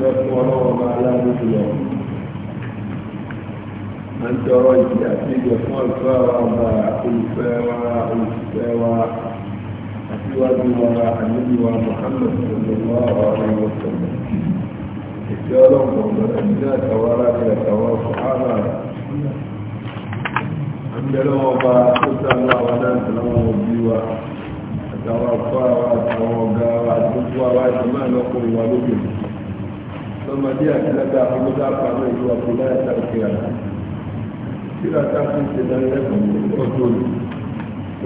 fẹ́ fún ọlọ́wọ́ bá aláàbò jùlọ. à ń tọrọ ìdí àti ìjọ fún ọ̀fẹ́ wa ọba olùfẹ́ wa olùfẹ́ wa àtiwájú wa àníbi wa Muhammad sọlọ́wọ́ àwọn ọmọ ọ̀sọ̀rọ̀. ìfẹ́ ọlọ́wọ́ ọ̀gbọ̀n ẹ̀mí náà tàwọn aráàlú àtàwọn ọ̀sọ̀ àbẹ̀rẹ̀ ọba tó sáré àwọn náà lọ́wọ́ òbí wa àtàwọn afọ́ àwọn àtàwọn ọ̀gá wa àti gbogbo àwọn àti máa lọ́kùnrin wa lókè lọ́mọdé àti lọ́dà àbúdá àpamọ́ ìlú àbúdá ẹ̀ta òkè àná tí lọ́dà fún ìṣẹ̀dá lẹ́kọ̀ọ́ ọdún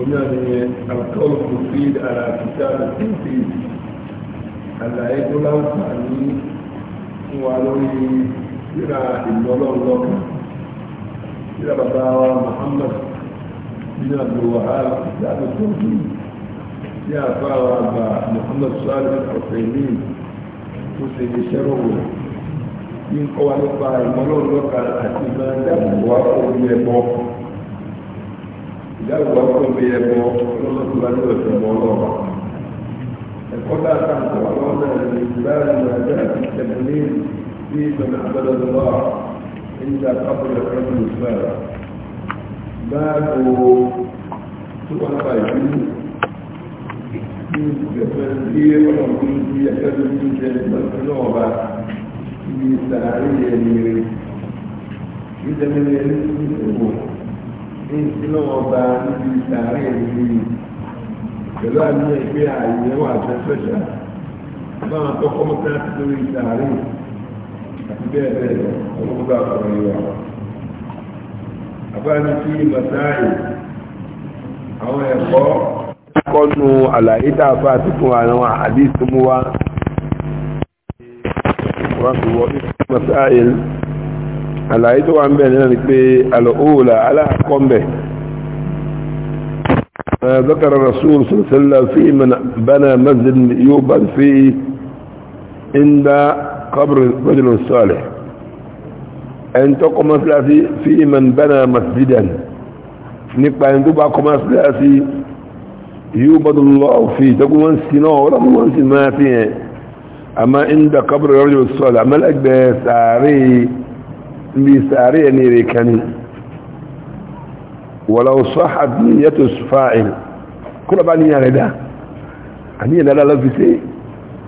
oní àníyẹ alcohol fulfil ara àtijọ́ àti àlàyé tó láǹfààní fún wa lórí síra ìlọ́lọ́lọ́kà síra bàbá wa Muhammad bin Abdul Wahab ìjáde tó bí sí àfáà wa àgbà Muhammad Salih al-Husayni tó ṣe lè ṣẹ́rọ̀ wò ní kọ́ wa nípa ìmọ̀lọ́run lọ́ka àti ìgbà ìdáàbòbò wa kò ní ẹbọ ìdáàbòbò wa kò ní ẹbọ lọ́sọ̀tún wa ní ọ̀sẹ̀ mọ́ ọlọ́ọ̀bà ẹ̀kọ́ dáadáa kọ́ wa lọ́wọ́ náà ní ìbára ní àti ìtẹ̀lé bí ìgbàna àbẹ́lẹ́ lọ́wọ́ ìjà kábọ̀lẹ̀ kẹ́kọ̀ọ́ ìgbà báàbò tó wà nípa tí ọlọ́run ti ẹ̀fẹ́ tó ti jẹ lọ́wọ́ bá ibi sàárè ẹni rẹ̀ nítorí ẹni tó ti wò ní ìsílọ́wọ́ bá níbi sàárè ẹni rẹ̀ pẹ̀lú àmì ẹgbẹ́ ààyè wà fẹ́fẹ́ṣà báwọn akọ́kọ́ mọ́tà ti lórí sàárè àti bẹ́ẹ̀ bẹ́ẹ̀ lọ ọlọ́run bá kọ̀ọ̀rọ̀ yìí wà. àbáyé ti mọ̀táyì àwọn ẹ̀kọ́ kọ́nù àlàyé dáàbà ti fún àwọn àdísí mú wá àlàyé tó wà ń bẹ̀ náà ni pé alòhùlà aláàkọ́m̀bẹ̀ ذكر الرسول صلى الله عليه وسلم في من بنى مسجد يوبا فيه عند قبر رجل صالح ان تقوم في من بنى مسجدا نبقى ان تبقى مسجدا يوبد الله فيه تقول وانس نوع ولا وانس ما فيه اما عند قبر رجل الصالح اما الاجب ساري بساري يعني ريكاني ولو صحت نية الفاعل كل بقى نية لدا انية لدا لفتي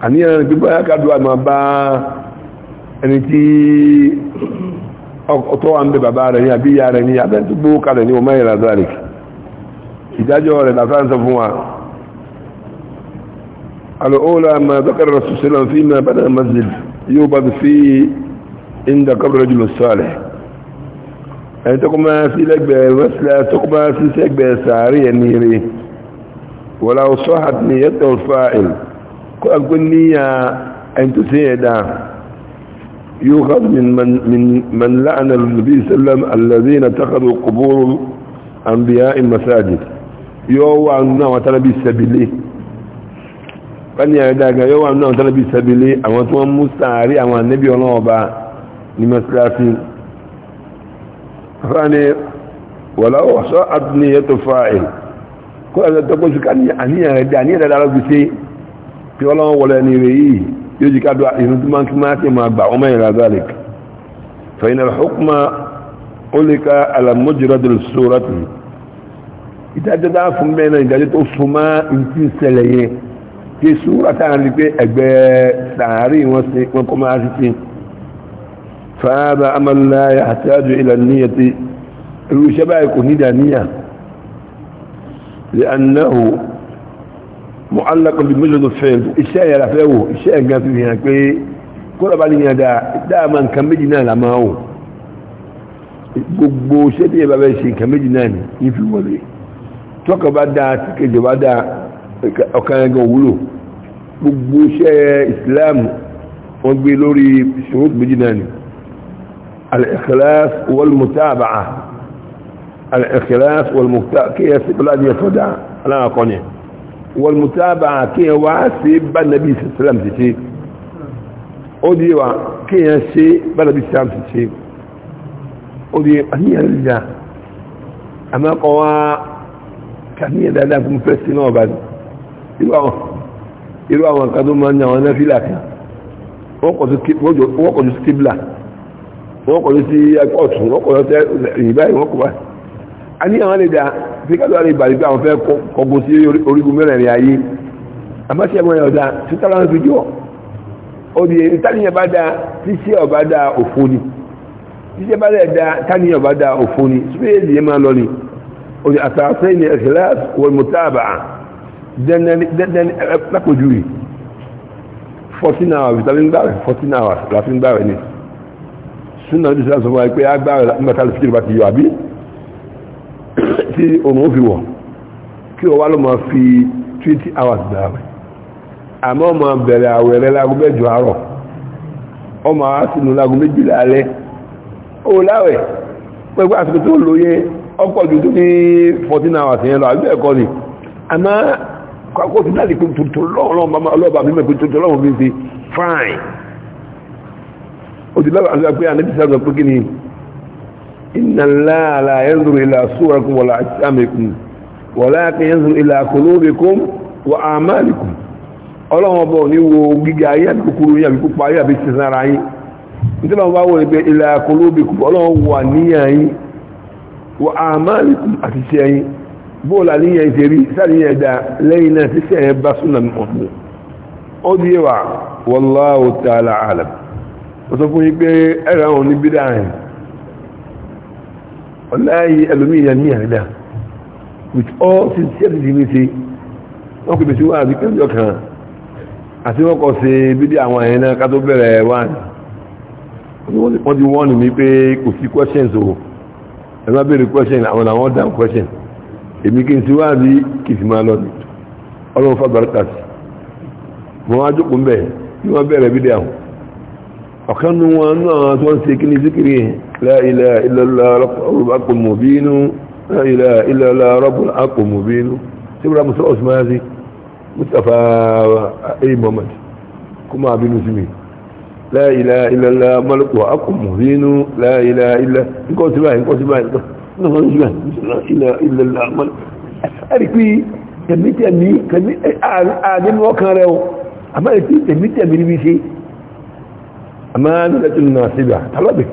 انية بقى كدوا ما با ẹni tí ọ̀tọ́ wa ń bẹ bàbá rẹ̀ وما إلى ذلك الأولى ما ذكر الرسول صلى الله عليه وسلم فيما بدأ المسجد يوبد في عند قبر الرجل الصالح أي تقوم في لك بمسلة تقوم في لك بسارية نيري ولو صحت نيته الفائل أقول نية أن تسيدا يوخذ من من, من من لعن النبي صلى الله عليه وسلم الذين اتخذوا قبور أنبياء المساجد yóò wà nínú àwọn tálábì sẹ́bìlì wọ́n ní àrídàgà yóò wà nínú àwọn tálábì sẹ́bìlì àwọn tí wọ́n mú sàárì àwọn ànẹ́bí ọlọ́ọ̀ba ní mọ́síláàfí fúnni wọ̀láwọ̀ sọ àtúnyẹ tó fa ẹ̀ kó ẹ̀rọ tó kóṣù ká ní àníyàn rẹ̀ dé àníyàn rẹ̀ dára fi ṣe kí ọlọ́wọ́ wọlé ìdájọ́ bá fún mẹ́rin náà ìdájọ́ tó fún mọ́ ìtì ìṣẹ̀lẹ̀ yẹn kí sùúrà táà ní pé ẹgbẹ́ sàárì wọn sí wọn kọ́ máa ṣe fàábà amàlá àtàjù ìlànìyà ti irú iṣẹ́ báyìí kò ní ìdàníyà lẹ́annáhù mọ́álàkọ̀ bí mẹ́lẹ̀ lọ́fẹ́ iṣẹ́ yàrá fẹ́ wò iṣẹ́ ẹ̀gá fi hàn pé kọ́lọ̀ bá níyàn dáa dáàmà nǹkan méjì náà là máa wò gbogbo iṣẹ́ tí yẹ bá bẹ́ ṣe nǹkan méjì náà ní fi wọlé tọ́kọ̀ bá dáa tí kejì bá dáa ọ̀kan ẹgbẹ̀ òwúlò gbogbo iṣẹ́ islam wọ́n gbé lórí ṣòwòtò méjì náà ni al-ikhlas wal-mutaba'a al-ikhlas wal-mutaba'a kí ẹ sí pẹ̀lú àdíyẹ tó dáa aláàkọ́ni wal-mutaba'a kí ẹ wá sí bá nàbí islam ti ṣe ó àtàníyàn dáadáa fún fẹ́ sí náà bá ní irú àwọn nǹkan tó máa ń yàwọn náà fílà kan wọ́n kọ̀ sí stíbla wọ́n kọ̀ sí ọ̀tún wọ́n kọ̀ sí ẹ̀yìn báyìí wọ́n kọ̀ bá a ní àwọn àlejò àfikàtọ̀ àlejò ìbàdí pé àwọn fẹ́ kọ̀gùn sí orígun mẹ́rẹ̀ẹ̀rin ayé àmọ́sí ẹ̀mọ́ yẹn ọ̀dà títà láwọn fi jọ òdì ìtàníyàn bá dáa tíṣe ọ̀bá ọ̀bá dáa òfo ni أساسين الإخلاص والمتابعة لكو جوي 14 hours vitamin báwẹ̀ 14 hours láfin báwẹ̀ ni súnà ní sọ́nà sọ́nà pé agbáwẹ̀ mẹ́tàlì fíjì bá ti yọ àbí tí òun ó fi wọ̀ kí o wá lọ ma fi 20 hours báwẹ̀ àmọ́ ma bẹ̀rẹ̀ àwẹ̀ rẹ lágún mẹ́jọ àárọ̀ ọmọ àásìnú lágún méjìlá alẹ́ ó láwẹ̀ pẹ́gbẹ́ àsìkò tó lóye ọ̀pọ̀ jù tó ní 14 hours yẹn lọ àbí ẹ̀kọ́ ni àmá kò ti dáàdì pé tuntun lọ́ọ̀lọ́ọ̀bà mímẹ̀ pé tuntun lọ́wọ́ mi ti fine ó ti lọ́wọ́ àti pé àníbi sáà pé kí ni inna Allaha la yanzuru ila suwarikum wala ajsamikum walakin yanzuru ila qulubikum wa a'malikum ọlọ́wọ́ bọ̀ ní wo gíga ayé àbí kúkúrú yín àbí púpọ̀ ayé àbí sísan ara yín nítorí wọn bá wọ ní pé ila qulubikum ọlọ́wọ́ wà níyàn yín wa amalikum àti ṣe ẹyin bóòlù àníyàn ìṣe rí sáàníyàn ẹ̀dá lẹ́yìn náà tí sẹ́yìn bá súnà ọ̀tún ó di wà wallahu ta'ala alam ó sọ fún yí pé ẹ̀rọ àwọn oníbídà rẹ̀ ọláyé ẹlòmíyàn ní with all sincerity ní ṣe wọ́n kò bèsí wà ní kẹjọ kan àti wọ́n kọ́ sí bídí àwọn ẹ̀yẹn náà ká tó bẹ̀rẹ̀ ẹ bá bèèrè question àwọn àwọn dam question èmi kí n ti wá rí kìtìmá lọ ní ọlọ́run fàbàrítà sí mọ́ wá jókòó ń bẹ̀ ní wọ́n bẹ̀rẹ̀ bídẹ̀ àwọn ọ̀kan nú wọn náà tó ń ṣe kíní síkiri la ilaha illallah rabbul haqqul la ilaha illallah mọ́lùkù akùnmù rínú la ilaha illallah nǹkan sí báyìí nǹkan sí báyìí nǹkan sí báyìí la ilaha illallah mọ́lùkù ẹ̀rí pé tẹ̀mítẹ̀mí àdínú ọkàn rẹ̀ o àmọ́ ètí tẹ̀mítẹ̀mí níbi ṣe àmọ́ nílẹ̀tún náà síbà talọ́bẹ̀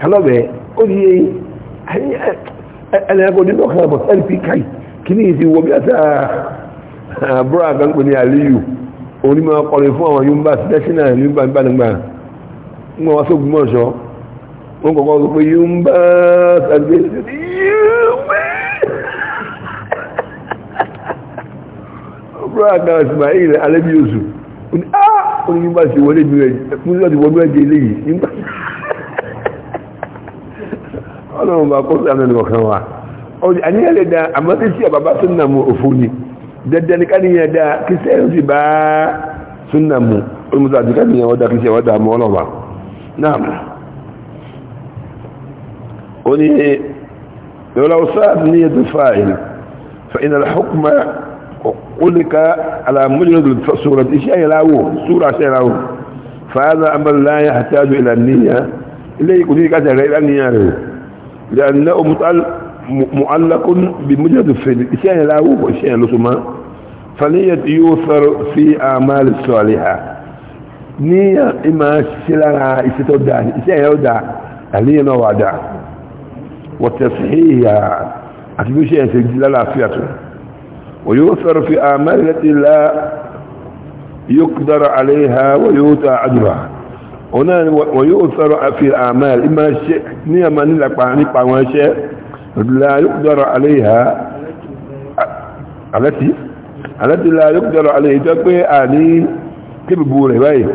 talọ́bẹ̀ ó di ẹ̀lẹ́gbọ́n nínú ọkàn rẹ̀ bọ̀ ẹ̀rí pé káì onímọ̀ ọkọ̀rin fún àwọn yúmbà tẹ́sínà yúmbà gbàdàgbà ń wọ́n wá sóògùn mọ́ ọ̀ṣọ́ wọ́n kọ̀kọ́ sọ pé yúmbà tàbí yúmbà ọ̀pọ̀ àgbà Ismail alẹ́bíyọ̀sù ó ní yúmbà sí wọlé ìbílẹ̀ ọlọ́run bá kó sí àmì ẹnìkọ̀kan wa àníyàn lè dá àmọ́ sí àbábá tó nà mú òfú ni dandan kani ya da kristiyan su ba sunna mu ulmu za su kani ya wada kristiyan wada mu wala ba na'am wani لو صار نية الفاعل فإن الحكم قلك على مجرد سورة شيء لاو سورة شيء لاو فهذا أمر لا يحتاج إلى النية إلا يكون ذلك أتى غير النية له لأنه متعلق معلق بمجرد فعل شيء لا هو شيء لسما فنية يوثر في أعمال الصالحة نية إما سلالة استودع شيء يودع أهلية نوادع وتصحيح أكبر شيء سجلالة فياته ويوثر في أعمال التي لا يقدر عليها ويؤتى أجرها هنا ويؤثر في الأعمال إما شيء نية ما نلقى نقع وشيء لا يقدر عليها التي التي لا يقدر عليه تقوي اني كببوره باي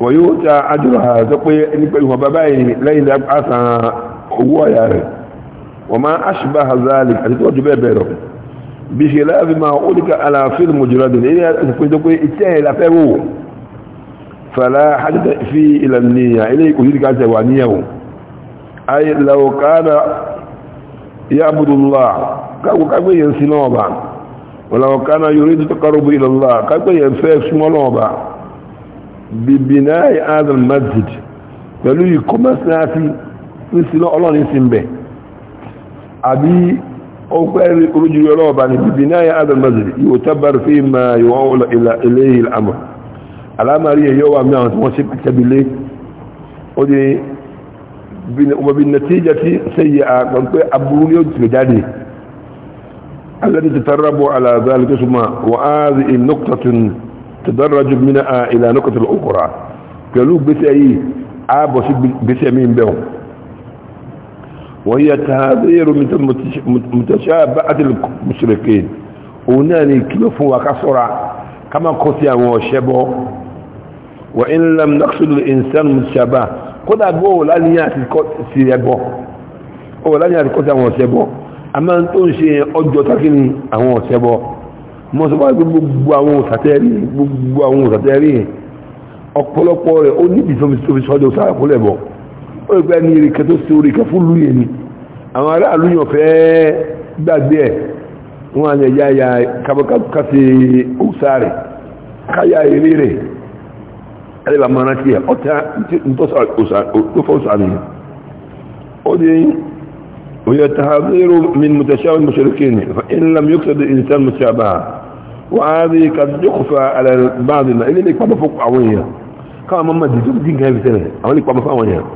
ويؤتى أجرها تقوي ان بينه باباي ليلى عسى هو يا وما اشبه ذلك التوجب بيرو بخلاف ما أولك على فيلم مجرد إليه تقوي اتهي لفهو فلا حدث فيه إلى النية إليه يقول لك أنت ونية أي لو كان يعبد الله كاكو كاكو ينسلون با ولو كان يريد تقرب إلى الله كاكو ينفاك سمولون با ببناء هذا المسجد pẹ̀lú ìkọ́mọ̀ sáàfí ní sílọ́ ọlọ́rin sí bẹ̀ àbí ọgbẹ́ orújú ọlọ́ọ̀bá ní bíbí náà yá adàmọ́sì yóò tábàrí fi ma yíwá ilé ìlàmọ̀ alámàrí ẹ̀yọ́ wà mí àwọn tí wọ́n sí pẹ̀tẹ́bílé ó dé وبالنتيجة سيئة أبو أبوني وتجدي الذي تترب على ذلك ثم وهذه نقطة تدرج منها إلى نقطة الأخرى قالوا بس بسعي عابس بسعمين بهم وهي تهذير من متشابهة المشركين هناني كيف هو كسرع كما قتيا وشبه وإن لم نقصد الإنسان متشابه kódà bó wò láníyàn àti sí ẹbọ ó wò láníyàn àti kọ́sí àwọn ọ̀sẹ̀ bọ̀ a máa ń tó ń ṣe ọjọ́ tákìní àwọn ọ̀sẹ̀ bọ̀ mo sọ fún gbogbo àwọn òsàtẹ́rì gbogbo àwọn òsàtẹ́rì ọ̀pọ̀lọpọ̀ rẹ̀ ó níbi tóbi sọ́jọ́ sára kúlẹ̀ bọ̀ ó rí pé ní ìrìkẹ́ tó ẹ̀rẹ́ bá máa rántí ẹ̀ ọ̀tá tó fọ́ sàníyàn ó dí oyè tàhàzírò min mutashá mushrikin in lam yuqsad insan mushabaha wa a hadhi qad yukhfa ala ba'd na ilé ní ìpamọ́ fún àwọn èèyàn káwọn mọ́mọ́ di tó dín kan sẹ́lẹ̀ àwọn ní ìpamọ́ fún àwọn èèyàn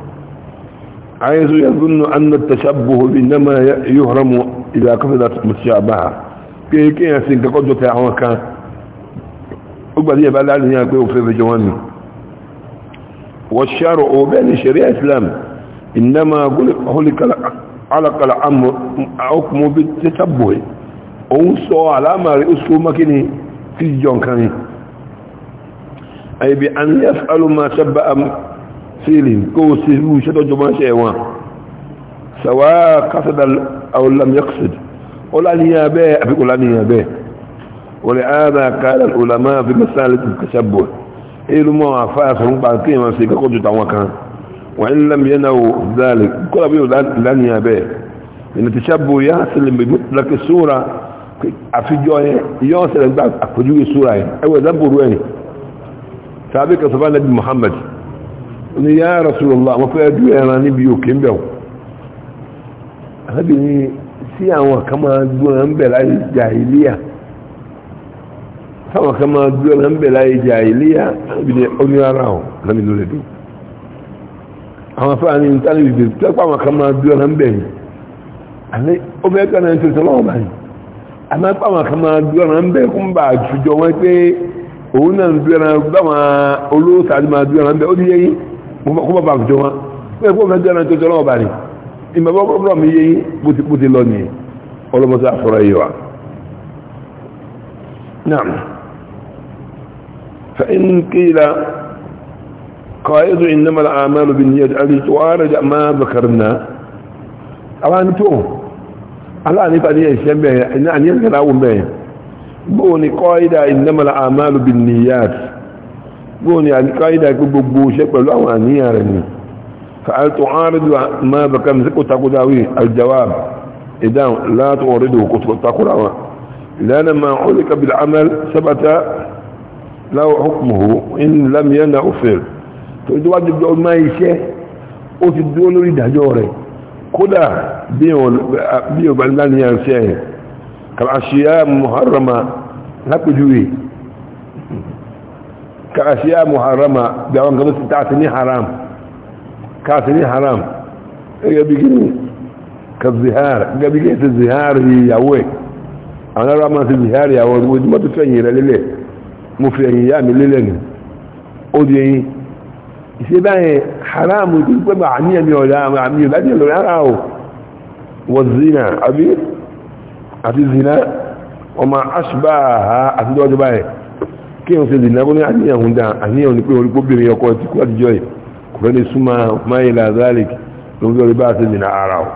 عايز يظن أن التشبه إنما يهرم إذا قفزت متشابهة كي كي يسين كقدر تعوكا أقبل يبقى لعنى يقول في جواني والشرع وبين شريعة الإسلام إنما هلك علق الأمر حكم بالتشبه أنصوا على ما رئيسه مكنه في الجنكان أي بأن يفعل ما شبأ فيهم كوسه وشتج ما شئوان سواء قصد أو لم يقصد ولا نيابه أفق ولا نيابه ولهذا قال العلماء في مسألة التشبه ilu mọ́ àfáàfẹ́ ń pa kí ìwọ̀n sí kọ́kọ́ jù tàwọn kan wà ní lẹ́m yẹ́nà ò dáàlì kọ́lá bí ò lánìí abẹ́ ìnà ti ṣàbò yá sílẹ̀ mẹ́gbẹ́lẹ́kẹ́ sóra àfijọ́ ẹ yọ́ sílẹ̀ gbá àpèjúwe sóra ẹ ẹwẹ̀ dábòrò ẹ̀ sàbí kan sọfá nàbí Muhammad ní yá Rasulullah wọn fẹ́ ju ẹran níbi òkè ń bẹ̀wò sí àwọn gbọ́n ń bẹ̀ láì jà ìlíyà táwọn kan máa gbé ọ̀nà ń bẹ̀ láyé jẹ́ àìléyà onírárá ọ̀ lámì ló lè dùn àwọn afẹ́ra ní ìtàlẹ̀ ìgbè tẹ́pà àwọn kan máa gbé ọ̀nà ń bẹ̀ yìí àlẹ́ ó fẹ́ kọ́ náà ń tẹ̀sán lọ́wọ́ báyìí àmọ́ pà àwọn kan máa gbé ọ̀nà ń bẹ̀ kún bá àjùjọ wọn pé òun náà ń gbé ọ̀nà báwọn olóòtà ti máa gbé ọ̀nà ń bẹ̀ ó ti yẹ yín kó bá àjùjọ wọn pé kó فإن قيل قائد إنما الأعمال بالنيات ألي توارج ما ذكرنا ألا نتوه ألا نفعني إسلام به أن ينقلون به بوني قائد إنما الأعمال بالنيات بوني يعني قائد يقول بل أو أنيارني فهل تعارض ما ذكرنا كتاكو داوي الجواب إذا لا تعارضه كتب داوي لأن ما علق بالعمل ثبت láwọ ọkùnmọ̀ inú lámìyànà òfin tó díwájú ọmọ iṣẹ́ ó ti dúró lórí ìdájọ́ rẹ̀ kódà bí ọba láníyàn sí ẹ̀yìn kàṣíyà muharrama lápẹjúwe kàṣíyà muharrama bí àwọn kan tó ti ní haram káàsì ní haram gẹ́gẹ́ bí gini ka zihar gẹ́gẹ́ bí gini ti zihar mo fi ẹ̀yìn ìyá mi lélẹ̀ nù ó di ẹyin ìṣe báyẹn haramu tó pẹ́ bá àníyàn mi ọ̀dà àmì ìdájí ìlú rárá o wọ zina àbí àti zina ọmọ asùbà àti dọ́jọ́ báyẹn kí n ṣe zina bó ní àníyàn ń dá àníyàn ní pé orí kóbìnrin ọkọ ti kú àtijọ́ yìí kò fẹ́ ní súnmọ́ máyìlá zalik ló ń fi orí bá ṣe zina ara o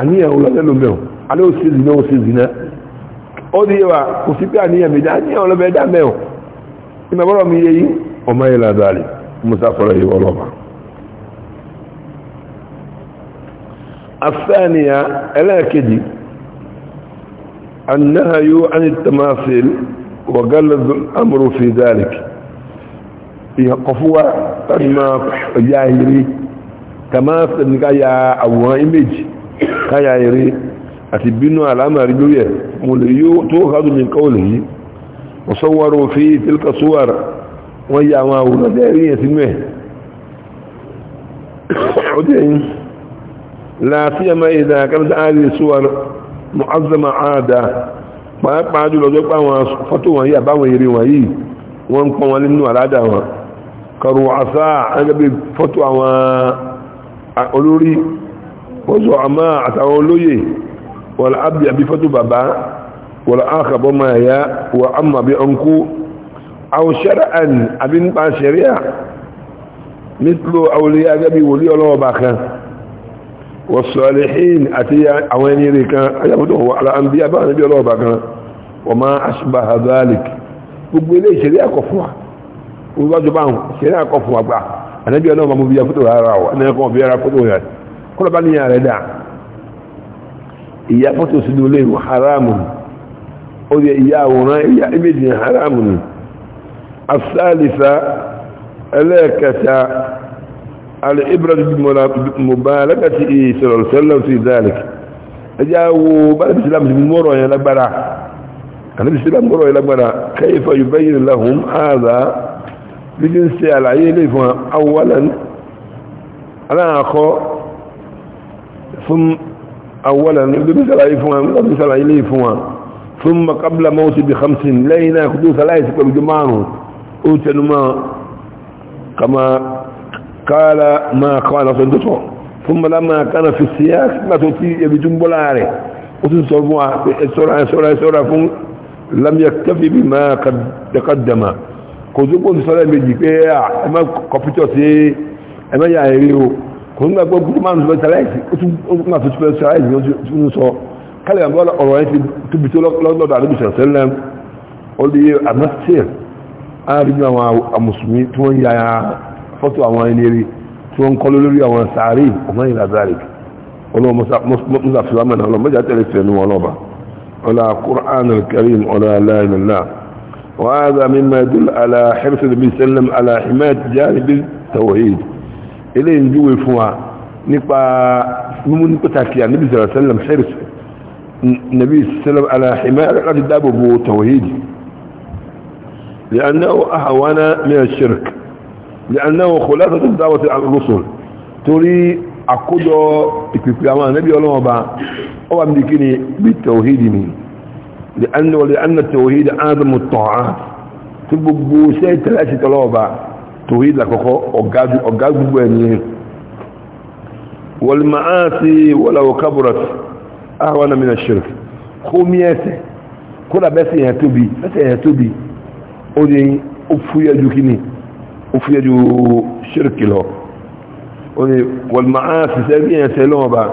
àníyàn ó lọ́jọ́ lómi o alẹ́ ó ṣe zina ó ṣe zina o di wa kusibe a niya na a niya ole bɛ dami o. ime wulaw miyi ɔmayela dali musa fɔlɔ ye wulaw ma. afeelụ niyaa keji a naan yiwo anyi tema afeelu ɔgale ndu amuru finzari ti n'akpọ fuu anyị maa ojwi a jiri ka ya awụwa emegi k'a ya a àti bínú àlámàrí lórí ẹ̀ mo lè yóò tó hàdù ní kọ́ọ̀lù yìí wọ́n sọ́wọ́rọ̀ fi tilka suwar wọ́n yà àwọn àwòrán tẹ́ rí ẹ̀ sínú ẹ̀ ọdún yìí láti ẹmọ ìdá kẹta àárín suwar mu'azzama àádá pàápàá jùlọ jọ pé àwọn fọ́tò wọ́n ń والعبد أبي فتو بابا والآخر بما يا وأما بأنكو أو شرعا أبن با شريعة مثل أولياء أبي ولي الله باكا والصالحين أتي أواني ريكا يبدو على أنبياء بأنبياء الله باكا وما أشبه ذلك gbogbo ilé ìṣẹ̀lẹ̀ àkọ̀fúnwà olùwájú bá ń ṣẹlẹ̀ àkọ̀fúnwà gbà ànábíọ́ náà ma mú bí i afútó rárá ọ̀ ẹnẹ́kọ̀ọ́ bí i ara fútó rẹ̀ kọ́lọ̀ bá níyàn rẹ̀ dáa ìyá fọ́tò sínú ilé ìwò haramun ó yẹ ìyá àwòrán ìyá image haramun asálìsá ẹlẹ́ẹ̀kẹta al'ibradu mubalagati ìṣẹ̀lọ̀sẹ́lọ̀ sí zalik ẹjá wo báyìísílámù sí mọ́rọ̀ yẹn lágbára àníbìsílámù mọ́rọ̀ yẹn lágbára kayfa yubayyin lahum hadha bíjín sí àlàyé ilé fún àwọn aláàkọ́ fún أولا نبي سلاي فوان قبل سلاي لي فوان ثم قبل موت بخمس لينا كدو سلاي سكب جمانو أوتنما كما قال ما قال صندوق ثم لما كان في السياق ما تنتي بجنبولاري وتنصروا سورة سورة سورة فون لم يكتفي بما قد تقدم كذو كنت سلاي بجيبيع اما كمبيوتر اما يا هيريو òun gbàgbọ́ gúdúmánù lọ sàlẹ́sì ó tún máa tó tún sàlẹ́sì ló tún sọ kálẹ̀ àbọ̀ ọ̀rọ̀ ẹ̀ ti tóbi tó lọ́dọ̀ àdébì sẹ̀sẹ̀lẹ̀ ó lè àmọ́sẹ̀ àárín àwọn àmùsùnmí tí wọ́n ya fọ́tò àwọn ẹni rí tí wọ́n kọ́ lórí àwọn sàárè ọmọ ìlà zárì ọlọ́wọ́ musa filamu náà ọlọ́mọdé àtẹ̀lẹ̀ fẹ́ nu ọlọ́ba ọlá qur'an al-karim ọlá aláìlélá وهذا مما يدل على حرص النبي صلى الله عليه وسلم على حماية جانب التوحيد ilé ń júwe fún wa nípa mímú ní pàtàkì ànábì sallallahu alaihi wasallam hẹ́rìs nàbí sallam aláhìmá láti dáàbò bo tawhid لأنه أهوانا من الشرك لأنه خلاصة دعوة الرسل تري àkójọ ìpìpì àwọn ànábì ọlọ́wọ́ bá ọ wà ní kíni bí tàwíìdì ni lè anna tàwíìdì ánàmù tọ̀á tí gbogbo iṣẹ́ ìtàlẹ́sì tọ́lọ́wọ́ bá توحيد لكوكو أقاب بوانيه والمعاصي ولو كبرت أهون من الشرك خميته كل بس يهتبي بس يهتبي أني أفويا جوكيني أفويا جو شرك له أني والمعاصي سابيا يسألون بقى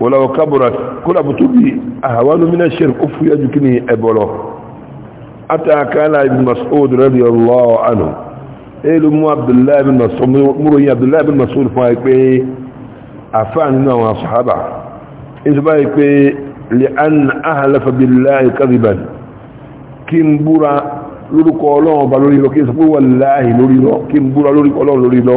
ولو كبرت كل بتبي أهون من الشرك أفويا جوكيني أبوله أتى كان ابن مسعود رضي الله عنه elu mu abdullahi bin mas'ud muro yin abdullahi bin mas'ud fún àìpé àfáà nínú àwọn asọ̀hábà ìsọ bá yìí pé lè an ahàlẹ́fà billahi kadhiban kí n búra lórúkọ ọlọ́run ọba lórí lọ kí n sọ pé wallahi lórí lọ kí n búra lórúkọ ọlọ́run lórí lọ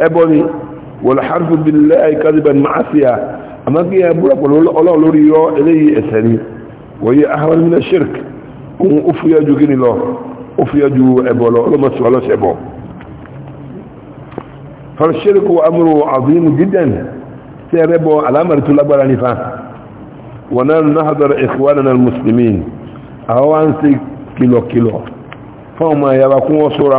ẹbọni wọlé harfi billahi kadiban ma'asiya àmà kí ẹ búra pẹ̀lú ọlọ́run lórí yọ eléyìí ẹ̀ṣẹ̀ ni wọ́n yẹ ahmed mina shirk òun ó fúyà ju kí ni lọ ó fúyà ju ẹbọ lọ ọlọ́mọsí ọlọ́sẹ̀ bọ̀ fàṣírkù amúrò àbúyìn jídẹ̀n tí ẹ rẹ́bọ alámàrí tó lágbára nífa wọ́n náà náà hadara ikhwanana al-muslimin àwọn wá ń ṣe kìlọ̀kìlọ̀ fáwọn ọmọ ayára kún wọ́n sọ́ra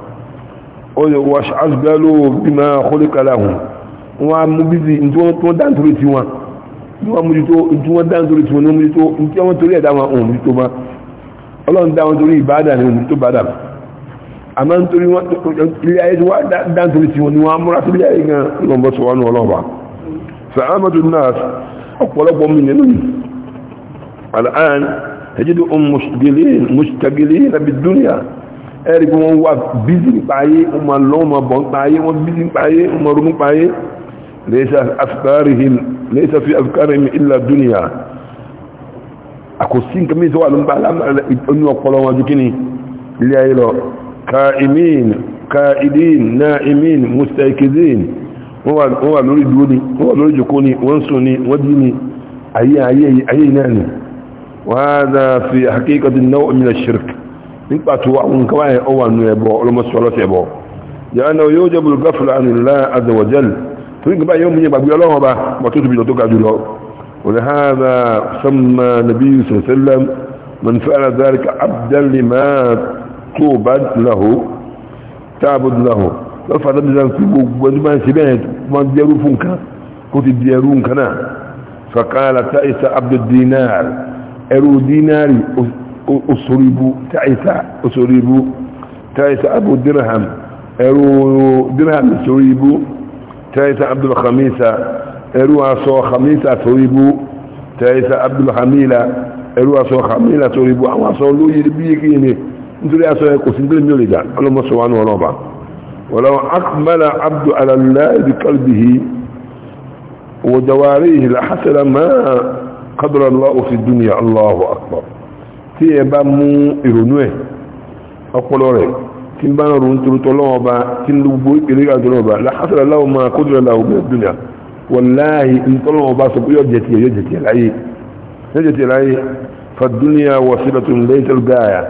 واشغلوا بما خلق لهم وعم بيزي انتوا انتوا دانتوا تيوا wọ́n mójútó tí wọ́n dáńtorí tí wọ́n ní mójútó tí wọ́n torí ẹ̀dá wọn òun mójútó má ọlọ́run dáwọn torí ìbáadà ní mójútó bádà àmá ń torí wọ́n ilé ayé tí wọ́n dáńtorí tí wọ́n ní wọ́n múra sí ilé ayé gan lọ́nbọ́ sọ wọ́n ọlọ́ba fàámàtò náà ọ̀pọ̀lọpọ̀ mi nínú yìí al'an tajidu um mustaqilin bid dunya ẹ̀rí pé wọ́n wà bízì nípa ayé wọ́n máa lọ́ wọ́n máa bọ̀ nípa ayé wọ́n bízì nípa ayé wọ́n máa ronú nípa ayé lẹ́sà fi afkarihim illa dúnìyà àkòsí nǹkan mí sọ́wà ló ń bá inú ọpọlọ wọn ju kíni ilé ayé lọ ka'imin ka'idin na'imin mustaqidin wọ́n wà lórí dúró ni wọ́n wà lórí jòkó ni wọ́n sùn ni wọ́n dí ni ayé ayé náà ni wa hadha fi haqiqati naw'un min ash-shirk لأنه يوجب القفل عن الله عز وجل ولهذا سمى نبي صلى الله عليه وسلم من فعل ذلك عبدا لما توبد له تعبد له فأفضل بزان فيه وانتما سبيت ما ديارو فنكا كنت ديارو فقال تأس عبد الدينار ارو ديناري أصريبو تعيسى أصريبو تعيسى أبو درهم درهم أصريبو تعيسى عبد الخميسة أروا صو خميسة أصريبو تعيسى عبد الحميلة أروا صو خميلة أصريبو أما صو لو يربيكيني نتري أصو يقسم بل ميوليجا قالوا ما صوانوا نوبا ولو أكمل عبد على الله بقلبه ودواريه لحسن ما قدر الله في الدنيا الله أكبر tí ẹ bá mú ìrònú ẹ̀ ọpọlọ rẹ̀ tí ń bá ń ronú torútọ lọ́wọ́ ọba tí ń gbogbo ìpínlẹ̀ ìgbà tọ́lọ́ ọba lásìrò aláwọ̀ máa kó dúró láwọ̀ bẹ́ẹ̀ dúnìá wàláhì ntọ́lọ́ ọba sọ pé yóò jẹ tiẹ̀ yóò jẹ tiẹ̀ láyé yóò jẹ tiẹ̀ láyé fàdúnìá wọ̀ sí lọ́tún lẹ́yìn tẹ́lú gáàyà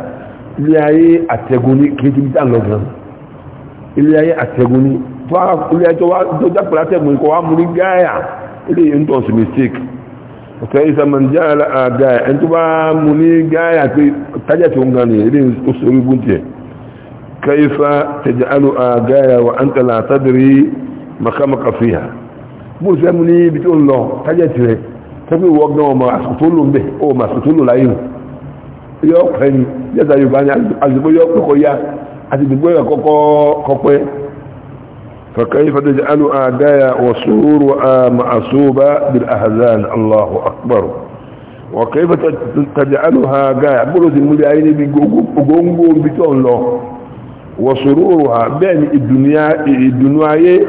ilé ayé àtẹ̀gùn ní kéjì bí tá lọ́gàn ilé ayé àtẹ̀gùn ní tó ilé ayé tó wá tó jápẹ̀lá tẹ̀gùn kọ́ wá mú ní gáàyà ilé yẹn ń tọ́ sí mistake kẹ́yìsà mọ̀ jẹ́ àgáyà ẹni tó bá mú ní gáyà pé tájẹ̀ tó ń ga ní ilé oṣù orígun tiẹ̀ kẹ́yìsà tẹ̀jẹ̀ alù àgáyà wà ń tẹ̀lá tàbírí makamaka fi hà bó ṣe mú ní ibi tó ń lọ tájẹ̀ tí rẹ̀ tẹ́bí wọ́gbọ́n ọmọ àsìkò lò ń bẹ̀ ó mà àsìkò lò láyé yọ pẹ́ ni yẹ́ta yorùbá ni àsìkò yọ pẹ́ kọ ya àti gbogbo ẹ̀kọ́kọ́ kọpẹ́ فكيف تجعل آدايا وسرور ومعصوبة بالأهزان الله أكبر وكيف تجعلها قاية بلوز المدعين بقنقون بتون له وسرورها بين الدنيا الدنيا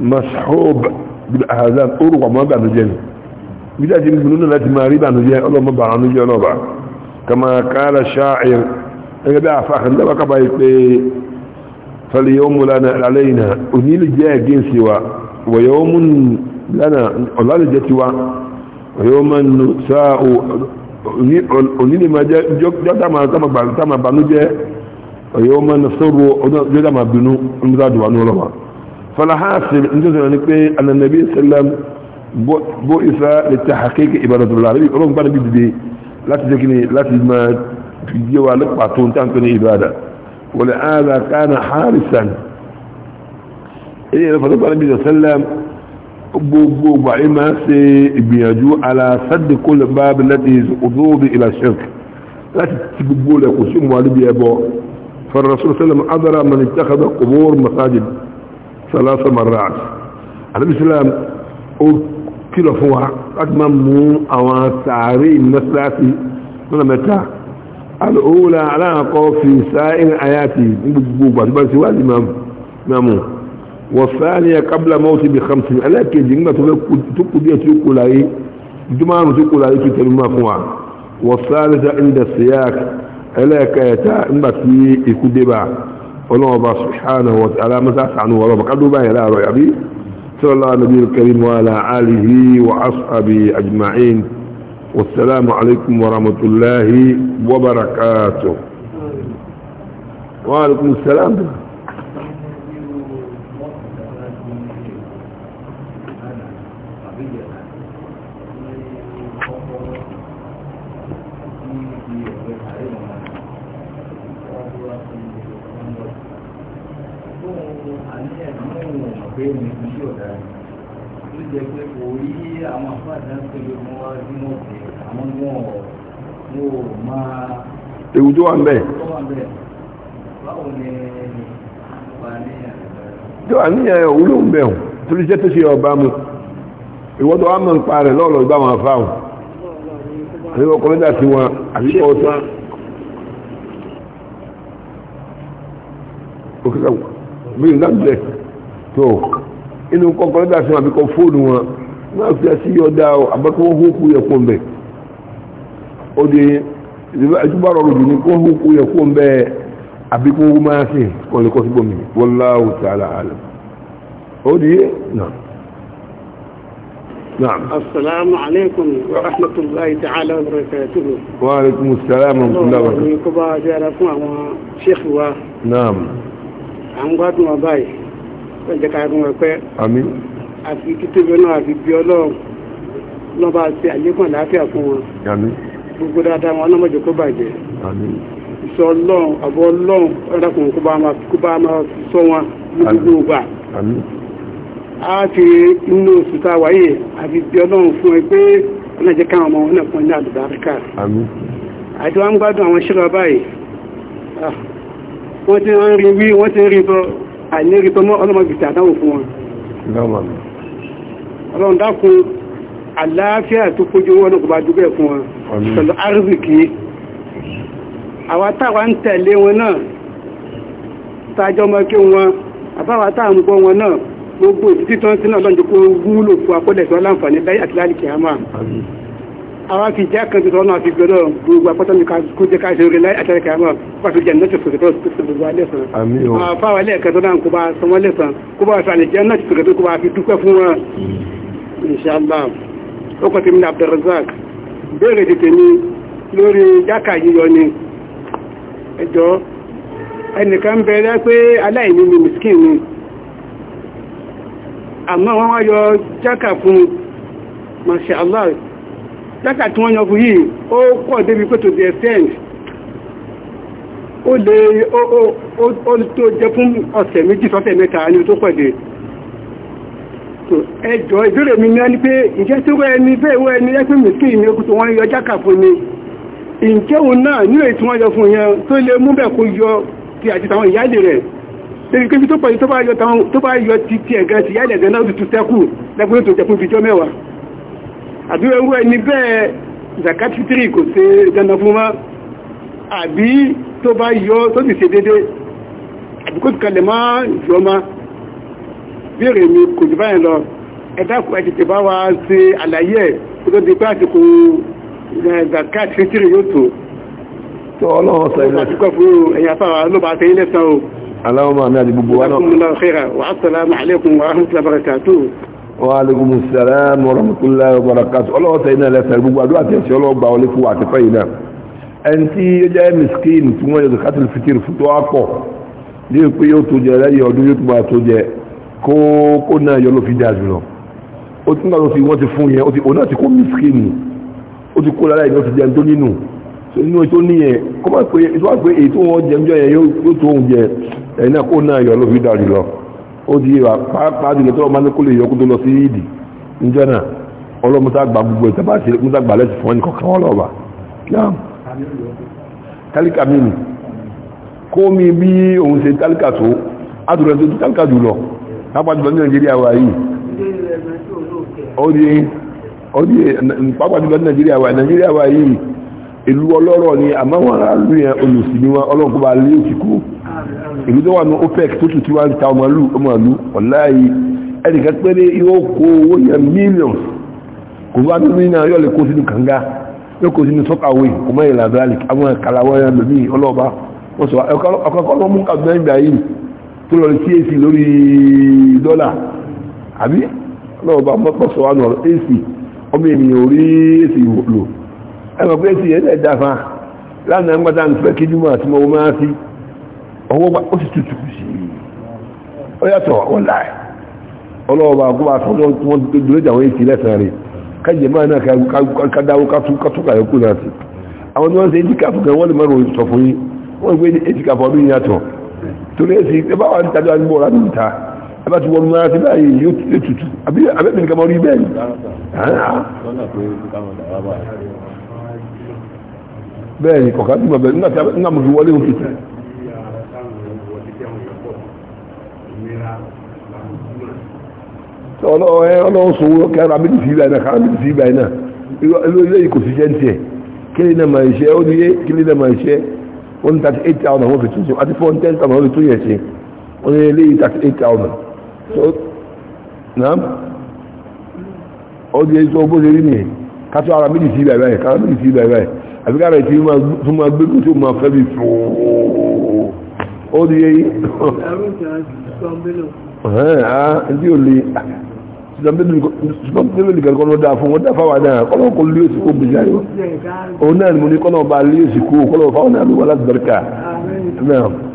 مسحوب بالأهزان أروا ما بعد الجنة بلا جنبنون لا تماري بعد الجنة الله ما بعد الجنة كما قال الشاعر إذا فاخر لبقى بيقول فاليوم لنا علينا ونيل جاء جين ويوم لنا الله جاء سوا ويوم نساء ونيل ما جاء جاء ما تما بان تما بانو جاء ويوم نصر جاء ما بنو نزاد وانو لما فالحاصل نجد أن النبي صلى الله عليه وسلم بو بؤس للتحقيق عبادة الله ربي ربنا بيدي لا تجكني لا تجمع في جوالك بعطون تانكني عباده ولهذا كان حارسا ايه رفض النبي صلى الله عليه وسلم بيجو على سد كل باب الذي يذوب الى الشرك لا تقول لك وسم والدي ابو فالرسول صلى الله عليه وسلم اذر من اتخذ قبور مساجد ثلاث مرات النبي صلى الله عليه وسلم كلفوها قد ممو اوان ساري النسلاتي من المتاح الأولى على في سائر آياته والثانية قبل موت بخمس لكن جنة تقضي تقول لي جمعنا تقول لي تتلمى والثالثة عند السياك ألا كيتا إما في إكدبا الله سبحانه وتعالى ما تسعنه الله بقدر بها لا رأي عبي صلى الله عليه وسلم وعلى آله وأصحابه أجمعين والسلام عليكم ورحمة الله وبركاته وعليكم السلام ewu tó wà ń bẹ̀ tó wà níyà ẹ̀ òwúlò ń bẹ̀ hùn tó lè jẹ́ tó ṣe ọba mu ìwọ́n tó wà mọ̀ ń pa rẹ̀ lọ́ọ̀lọ́ ìgbà wọn fáwọn àbí ọkọ̀ lẹ́dà sí wọn àbí ọ̀sán òkúta mílíọ̀nù lábẹ́ tó inú kọ́kọ́ lẹ́dà sí wọn àbí kọ́ fóònù wọn náà fi ẹ sí ọ̀dà àbẹ́kọ́ yẹ ó di ìtúbàrọ̀ rògbò ní kó hùkú yẹ kó ń bẹ́ àbíkún ogun máa sí kọlùkọ́ sí gbòmì wallahu ta'ala alam ó di náà نعم السلام عليكم ورحمة الله تعالى وبركاته وعليكم السلام ورحمة الله وبركاته شيخ نعم àwọn gbádùn ọba yìí wọ́n jẹ́ káàdùn ọpẹ́ àmín àfi kítóbi náà àfi bí ọlọ́run lọ́ba àti àlékún àlàáfíà fún wọn gbogbo dáadáa wọn ọlọ́mọdé kó bàjẹ́ sọ ọlọ́run àbọ̀ ọlọ́run ẹ̀rọ̀kùn kó bá máa sọ wọn ní gbogbo ògbà a ti inú oṣù tá a wáyé àti bí ọlọ́run fún ẹ pé ọlọ́jẹ́ káwọn ọmọ wọn nàkún ní àdùbáríkà àti wọn gbádùn àwọn ṣẹlẹ̀ báyìí ah, wọ́n ti ń rí wí wọ́n ti ń rí bọ́ àìní rí bọ́ mọ́ ọlọ́mọdé tàdáwò fún wọn ọlọ́run dákun àlàáfíà tó kójú wọn ní kò bá dúgbẹ́ fún wọn pẹ̀lú arzikí àwọn táwa ń tẹ̀lé wọn náà tájọ́ mọ́ kí wọn àbáwà táà ń gbọ́ wọn náà gbogbo ìdí tó ń sínú ọlọ́njẹ́ kó wúlò fún akọ́lẹ̀sọ́ láǹfààní láyé àti láàrínkì àmà àwọn fi jẹ́ kan tuntun náà fi gbọ́dọ̀ gbogbo apọ́tọ́mì kó jẹ́ káṣẹ́ orí láyé àti láàrínkì àmà pàtó jẹ́ náà ti fòkè tó gbogbo alẹ́sàn àwọn fáwọn alẹ́ẹ̀kẹ́ tó náà kó bá sọmọ́lẹ́sàn kó bá sọ àlẹ́jẹ́ náà ti fòkè kó bá fi dúpẹ́ fún wọn inṣàlá lókùn tèmi ní Abdulrazak béèrè tètè ní lórí jákà yíyọ ni ẹjọ́ ẹnìkan bẹ̀rẹ̀ pé aláìní ni miskin ni àmọ́ wọ́n wá yọ jákà fún masha Allah jákà tí wọ́n yọ fún yìí ó pọ̀ débi pé to the extent ó lè ó tó jẹ fún ọ̀sẹ̀ méjì sọ́sẹ̀ mẹ́ta ní tó pẹ̀dẹ̀ ẹjọ́ ìbéèrè mi náà ni pé ìjẹ́ tí wọ́n ẹni bẹ́ẹ̀ wọ́n ẹni ẹgbẹ́ mi kí ìní okùn tó wọ́n yọ jákà fún mi ìjẹ́ òun náà ní èyí tí wọ́n yọ fún yẹn tó lè mú bẹ́ẹ̀ kó yọ ti àti tàwọn ìyáàlè rẹ̀ lórí kí tó pọ̀jù tó bá yọ ti ti ẹ̀gẹ́ ti ìyáàlè ẹ̀gẹ́ náà tuntun sẹ́kù lẹ́gbẹ́ tó jẹ́ fún ìfijọ́ mẹ́wàá àdúrà irú ẹni bẹ́ẹ̀ zakatitiri bèèrè mi kò jù báyìí lọ ẹ̀dàkù ẹ̀tẹ̀tẹ̀ bá wa ṣe àlàyé ẹ̀ kó tó di pé àsìkò ìgbàkà tìrìtìrì yóò tó tó ọlọ́run sọ ìlú àti kọfù ẹ̀yà fáwà ló ilẹ̀ ọlọ́wọ́ sẹ́yìn náà ẹni tí ó tí wọ́n yẹ zakatul fitr fún tó ní ìpé yóò tó jẹ lẹ́yìn ọdún yóò tó bá tó jẹ kó náà yọ ló fi dáa jùlọ ó tún náà ló fi wọ́n ti fún yẹn ó náà ti kó mísíkìnì ó ti kó lára ìlú ti jẹun tó nínú inú ètò níyẹn kó má pé ètò wà pé ètò wọn jẹunjọ yẹn yóò tó oúnjẹ ẹ̀ náà kó náà yọ ló fi dáa jùlọ ó di wà pàápàá jùlọ tó lọ máa ní kó lè yọ kó tó lọ sí ìdì níjọ náà ọlọ́mọta gba gbogbo ìtàbá sí mọ́ta gbà lẹ́sì fún ẹnìkọ̀ọ̀kan wọn lọ́ọ̀bà tálíkà mí ni kó mi bí òun ṣe tálíkà tó adùrẹ́ pápájúlọ ní Nàìjíríà wà yìí pápájúlọ ní Nàìjíríà wà Nàìjíríà wà yìí ìlú ọlọ́rọ̀ ni àmáwọn aráàlú yẹn olùsìn ni wọn ọlọ́run kó bá lé òkìkú ìlú tó wà ní OPEC tó tù tí wọ́n ń ta ọmọ ìlú ọmọ ìlú ọ̀láyìí ẹnìkan péré yóò kó owó yẹn mílíọ̀nù kò bá nínú iná yóò lè kó sínú kànga yóò kó sínú sọ́kàwé kò mọ́ ìlànà àwọn kàlàwọ́ yẹn lòmí ọlọ́ọ̀bá wọ́n sọ ọkọ̀ ọlọ́mú kàgbẹ́ ìgbà yìí tó lọ sí èsì lórí dọ́là àbí lọ́wọ́ bá mọ́pọ̀sọ̀ wà nù èsì ọmọ ènìyàn orí èsì lò ẹgbẹ̀ pé èsì ẹ̀dẹ̀ dáfà lánàá gbátà ń fẹ́ kí jùmọ̀ àti mọ́wọ́ máa sí ọwọ́ ó sì tutù sí ọ yàtọ̀ ọlọ́wọ́ bá dúró wọ́n lẹ́sàn rẹ̀ kájẹ̀ máa náà kádáwó náà sí àwọn tí wọ́n ń torí èsì ẹbá wà níta dáa gbọ́ láti níta ẹbá ti wọnú ara ti báyìí yóò tutù abẹ́bẹ̀ nìkan mọ́ rí bẹ́ẹ̀ ni. bẹ́ẹ̀ ni kọ̀ọ̀kan tó bẹ̀rẹ̀ nígbà tí nígbà mo fi wọlé oṣù tù. ọlọ́wọ́ sọ̀wọ́ kẹ́ra mi ti fi náà kẹ́ra mi ti fi náà ilé yìí kò sí jẹ́ ń tiẹ̀ kí ni náà máa ń ṣe ó ní yé kí ni náà máa ń ṣe ó ní thirty eight thousand wọ́n fi tún ṣe àti four ten thousand wọ́n fi tún yẹ̀ ṣe ó ní eléyìí thirty eight thousand so naam ó di èyí tó bó ṣe rí nìyẹn kátó ara méjì sí ibà báyìí kára méjì sí ibà báyìí àbí kára ètí tó máa gbé kó tó máa fẹ́ bí fòó ó di èyí. ẹ̀rù ń tẹ̀ ẹ́ ju sọ́ńbélò. ẹ̀hẹ́n ah ndí ò dambele nìkan kọ́ ló dáa fún wọn dáa fáwọn náà kọ́lọ́ kó lé òsì kó gbèjà yìí òun náà ni mo ní kọ́lọ́ bá lé òsì kó kọ́lọ́ fáwọn náà ló wà láti bẹ̀rẹ̀ ká náà.